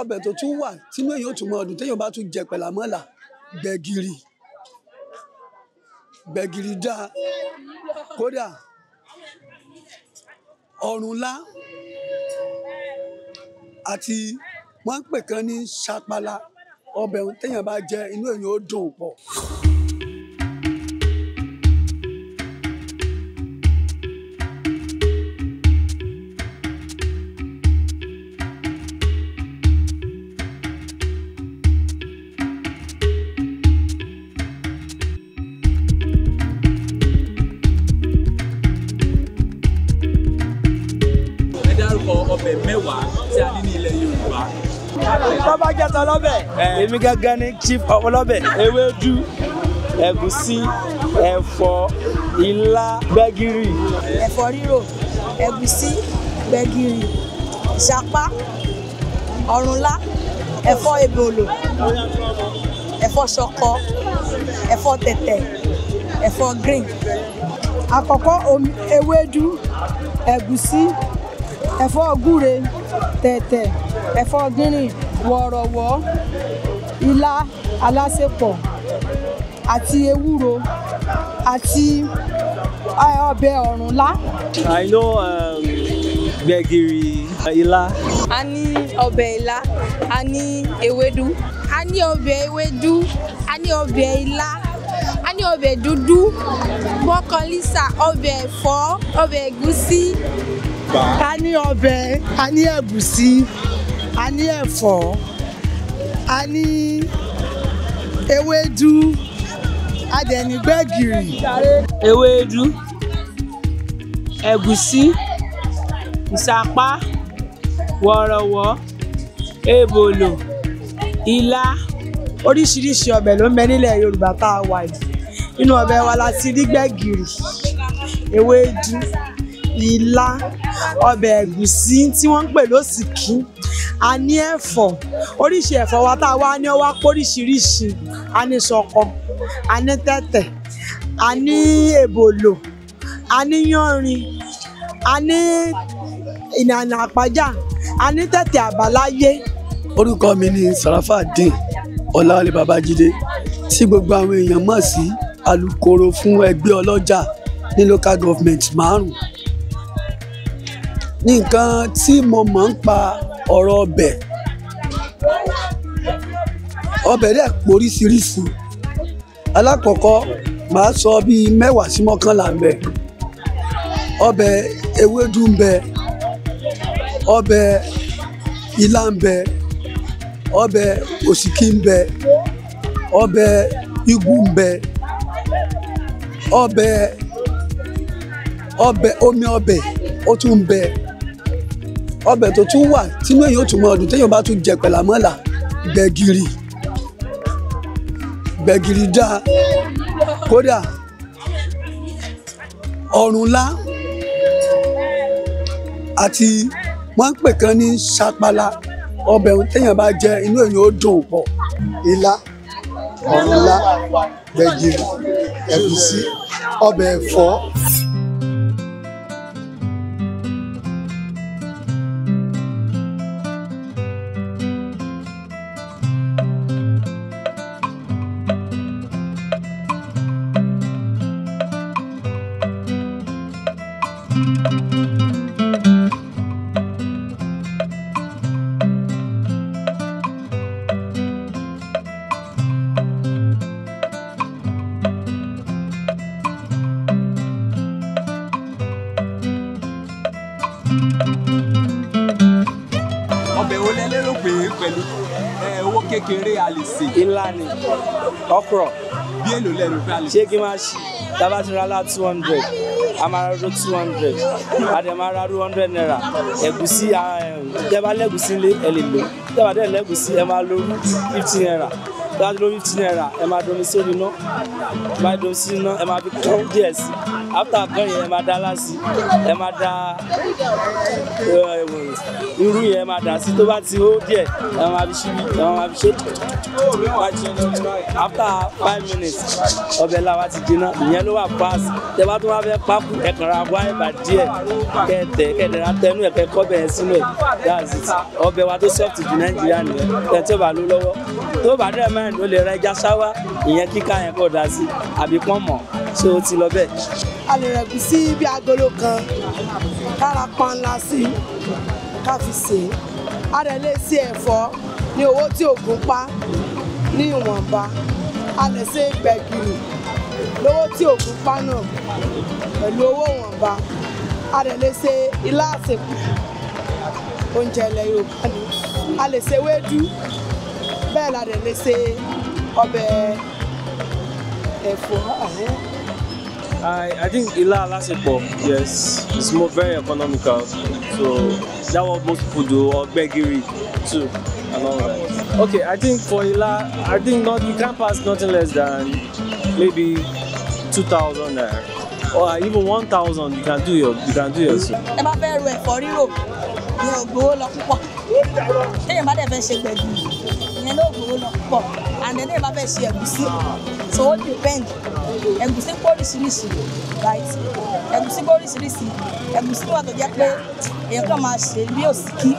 ọbẹ̀ tó tún wà tínú èyí ó tún mọ ọdún téèyàn bá tún jẹ pẹ̀lú àmọ́là gbẹ̀gìrì gbẹ̀gìrì dáa kódà ọ̀rùnlá àti wọ́n ń pè kan ní sapala ọbẹ̀ téèyàn bá jẹ inú èyí ó dùn pọ̀. ọbẹ̀ mẹ́wàá tí a ní ní ilẹ̀ Yorùbá. bàbá jẹta ọlọ́bẹ̀. èmi gángan ni chief ọlọ́bẹ̀ ewédú ẹ̀gúsí ẹ̀fọ́ ilá gbẹ̀gìrì. ẹ̀fọ́ rírò ẹ̀gúsí gbẹ̀gìrì ìṣapá ọ̀rúnlá ẹ̀fọ́ ebòlò ẹ̀fọ́ ṣọkọ ẹ̀fọ́ tẹ̀tẹ̀ ẹ̀fọ́ green. àkọ́kọ́ ewédú ẹ̀gúsí ẹ̀fọ́ gúre tẹ̀tẹ̀ ẹ̀fọ́ gírin wọ̀rọ̀wọ̀ ilá alásèpọ̀ àti ewúro àti ọbẹ̀ ọ̀rúnlá. I know um, ila ilá. a ní ọbẹ̀ ilá a ní ewédú a ní ọbẹ̀ ewédú a ní ọbẹ̀ ilá a ní ọbẹ̀ dúdú bọ́kọ̀lísà ọbẹ̀ ẹ̀fọ́ ọbẹ̀ ẹ̀gúsí Yorùbá. a ní ọbẹ̀ a ní ẹ̀gúsí a ní ẹ̀fọ́ a ní ewédú a dẹ̀ ní gbẹ̀gìrì. ewédú ẹ̀gúsí ìsapá wọ̀rọ̀wọ̀ èbòlò ilá oríṣiríṣi ọbẹ̀ ló ń bẹ nílẹ̀ Yorùbá tá a wà yìí nínú ọbẹ̀ wa la ti rí gbẹ̀gìrì ewédú ilá ọbẹ̀ ẹ̀gúsí tí wọ́n ń pè lósìkí a ní ẹ̀fọ́ oríṣi ẹ̀fọ́ wa tá a wá ní ọwá póríṣiríṣi a ní ṣọkọ a ní tẹ̀tẹ̀ a ní èbòlò a ní yánrin a ní ìnànà àpájà a ní tẹ̀tẹ̀ àbáláyé. orúkọ mi ni Sarafadeen Ọláwálé Babájídé tí gbogbo àwọn èèyàn mọ̀ sí alukoro fún ẹgbẹ́ ọlọ́jà ní local government márùn-ún nǹkan tí mo mọ̀ ń pa ọ̀rọ̀ ọbẹ̀ ọbẹ̀ dẹ̀ poríṣiríṣi alákọ̀ọ́kọ́ màá sọ bíi mẹ́wàá sí mọ́kànlá ń bẹ ọbẹ̀ ewédú ń bẹ ọbẹ̀ ilá ń bẹ ọbẹ̀ òsìkí ń bẹ ọbẹ̀ igun ń bẹ ọbẹ̀ ọbẹ̀ omi ọbẹ̀ ó tún ń bẹ. ọbẹ̀ tó tún wà tínú èyí ó tún mọ ọdún téèyàn bá tún jẹ pẹ̀lámọ́là gbẹ̀gìrì gbẹ̀gìrì dáa kódà ọ̀rùnlá àti wọ́n ń pè kan ní sapala ọbẹ̀ téèyàn bá jẹ inú èyí ó dùn pọ̀ ilá ọ̀rùnlá gbẹ̀gìrì ẹ̀gúsí ọbẹ̀ ẹ̀fọ́. kékeré a lè sè. ńlá ni okra. bí èlò lẹ́nu pé a lè sè. ṣé kí n máa ṣe tábà two hundred amarado two hundred ademara two hundred naira ẹ̀gúsí tẹ́bá lẹ́gúsí lé ẹ lè lò tẹ́bá dẹ̀ lẹ́gúsí ẹ máa lo fifty naira tẹ́bá fifty naira ẹ máa domi sórí iná ẹ máa domi ẹ máa fi kán díẹ̀ sí i after gan yẹn ẹ máa da láti ẹ máa da eh, irú yẹn ẹ máa dà sí tó bá ti hó díẹ̀ ẹ máa fi ṣíbí ẹ máa fi ṣe after five minutes ọbẹ̀ làwa ti jiná ìyẹn ló wà pass tẹ bá tó wá fẹ́ pákó ẹ wá ìbà díẹ̀ kẹtẹ kẹtẹ ra tẹnu kọbẹ yẹn sínú ẹ that's it ọbẹ̀ wa tó soft ju nàìjíríà nìyẹn tẹ tí o bá ló lọ́wọ́ tó bá dẹ̀ mẹ́rin ló lè ra ẹja ṣáwá ìyẹn kíká yẹn kò dá sí àbí pọ́nmọ́ ṣé o ti lọ bẹ́ẹ̀. a lè rẹ̀gùn sí bí agolo kan kára panla sí i ká fi sè é a rẹ̀ lè ṣe ẹ̀fọ́ ní owó tí ògùn pa ní ìwọ̀nba a lè ṣe gbẹ̀gìrì lówó tí ògùn pa náà pẹ̀lú owó ìwọ̀nba a rẹ̀ lè ṣe ilá àsèkù oúnjẹ ilẹ̀ Yorùbá ni a lè ṣe ewédú bẹ́ẹ̀ la rẹ̀ lè ṣe ọbẹ̀ ẹ̀fọ́ ààrẹ. I, I think Ila Lasipo, yes, it's more very economical. So that what most people do, or Begiri too, and all that. Okay, I think for Ila, I think not you can't pass nothing less than maybe 2,000 naira. Or even 1,000, you can do your, you can do your soup. I'm very well for Europe. rírò, mi ò gbowó lọ púpọ̀. Téèyàn bá dẹ̀ fẹ́ ṣe ìyẹn náà gbowó lọ pọ̀ and then ìbá fẹ́ ṣe ẹ̀gúsí so ó depend ẹ̀gúsí pọ̀ oríṣiríṣi see. ẹ̀gúsí pọ̀ oríṣiríṣi ẹ̀gúsí wà tó jẹ́ pé èèyàn kan máa ṣe bí ski,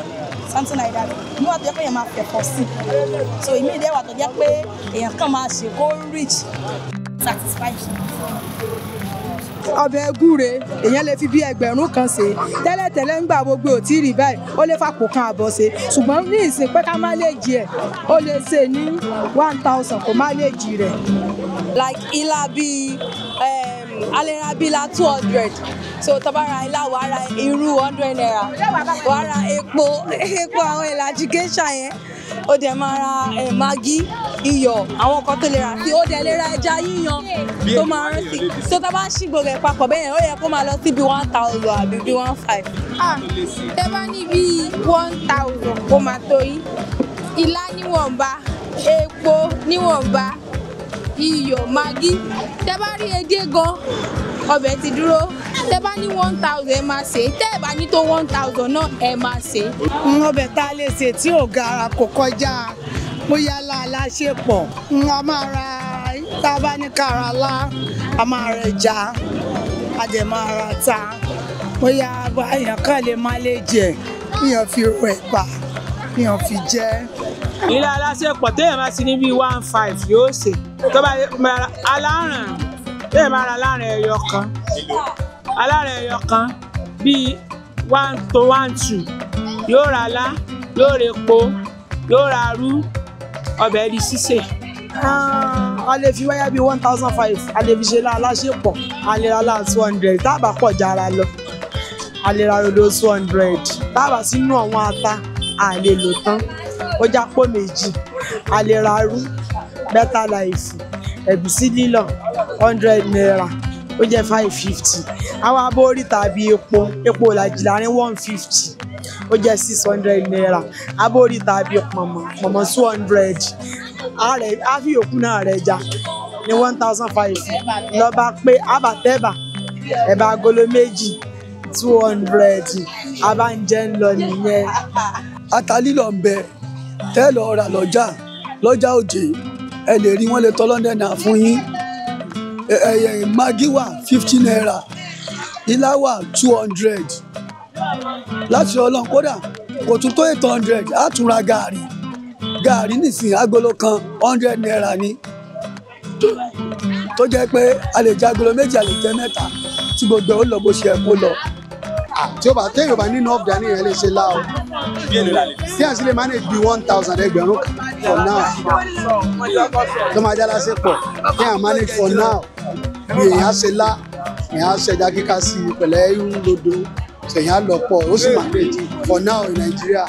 something like that You have to jẹ́ a èèyàn máa fẹ̀fọ́ sí so ìmí ìdẹ́ wà tó jẹ́ come èèyàn kan go rich satisfaction ọbẹ̀ gúre èèyàn lè fi bí ẹgbẹ̀rún kan ṣe tẹ́lẹ̀tẹ́lẹ̀ ńgbà gbogbo ò tí ì rí báyìí ó lè fàpò kan àbọ̀ ṣe ṣùgbọ́n ní ìsìn pé ká má lè jí ẹ̀ ó lè ṣe ní one thousand kó má lè jí rẹ̀. like ilá bíi ehm, a lè ra bíi la two hundred so tó bá ra ilá wàá ra irú hundred naira wàá ra epo epo àwọn ìlàjì géṣà yẹn ó dẹ̀ máa ra magi iyọ̀ àwọn nǹkan tó lè rà sí ó dẹ̀ lè ra ẹja yíyan tó máa rán sí tó tá bá ń ṣí gbogbo ẹ̀ papọ̀ bẹ́ẹ̀ ó yẹ kó máa lọ sí bí one thousand àbí bí one five. Ah, tẹ́ bá ní bí one thousand kó máa tó yín ilá níwọ̀nba epo níwọ̀nba iyọ̀ magi tẹ́ bá rí edé gan ọbẹ̀ ti dúró tẹ́ bá ní one thousand ẹ máa ṣe tẹ́ ẹ bá ní tó one thousand náà ẹ máa ṣe. ọbẹ̀ tá a lè ṣe tí ò gara kò kọjá bóyá láàláṣepọ̀ a máa ra tá a bá ní kára lá a máa ra ẹja a dẹ̀ máa ra ta bóyá èèyàn kan lè má lè jẹ èèyàn fi ro ẹ̀pà èèyàn fi jẹ. ilé aláṣepọ̀ téèyàn bá ti ní bíi one five yóò ṣe tó bá aláàrán ṣé ẹ máa ra aláàrẹ̀ ẹyọ kan aláàrẹ̀ ẹyọ kan bíi one to one two yóò ra alá yóò ra epo yóò ra arú ọbẹ̀ di sísè. Ah, a lè fi wáyà bíi one thousand five a lè fi ṣe aláṣepọ̀ a lè ra láà two hundred tá a bá pọ̀ jára lọ a lè ra rodo two hundred tá a bá sínú àwọn ata a lè lò tán ó jápọ̀ méjì a lè ra arú better life ẹ̀gúsí lílọ̀ hundred naira ó jẹ́ five fifty àwọn abọ́ oríta bíi epo epo làjì láàrin one fifty ó jẹ́ six hundred naira abọ́ oríta bíi pọ̀nmọ́ pọ̀nmọ́ two hundred àfi yòókù náà rẹ̀ já ní one thousand five lọ́ba pé àbàtẹ́bà ẹ̀bà agolo méjì two hundred abáǹjẹ́ ń lọ nìyẹn. ata lílọ̀ ń bẹ tẹ́ lọ rà lọ́jà lọ́jà òjè ẹ lè rí wọn lè tọ́ london náà fún yín magi wà fifty naira ilá wà two hundred láti ọlọ́run kódà kò tún tó eight hundred á tún ra gààrí gààrí nìsín agolo kan hundred naira ni tó jẹ́ pé a lè jẹ agolo méjì a lè jẹ mẹ́ta tí gbogbo ẹ̀ ó lọ bó ṣe ẹ̀ kó lọ. Ah, tí o bá téèyàn nínú ọ̀bì dání yẹn ṣe láàrú tí a sì manage be one thousand ẹgbẹ̀rún for now tó máa já lásìkò tí a manage for now bí èèyàn ṣe lá èèyàn ṣẹja kíkà sí pẹ̀lẹ́ irú lodo ṣèyàn lọ́pọ̀ ó sì manage for now in Nigeria.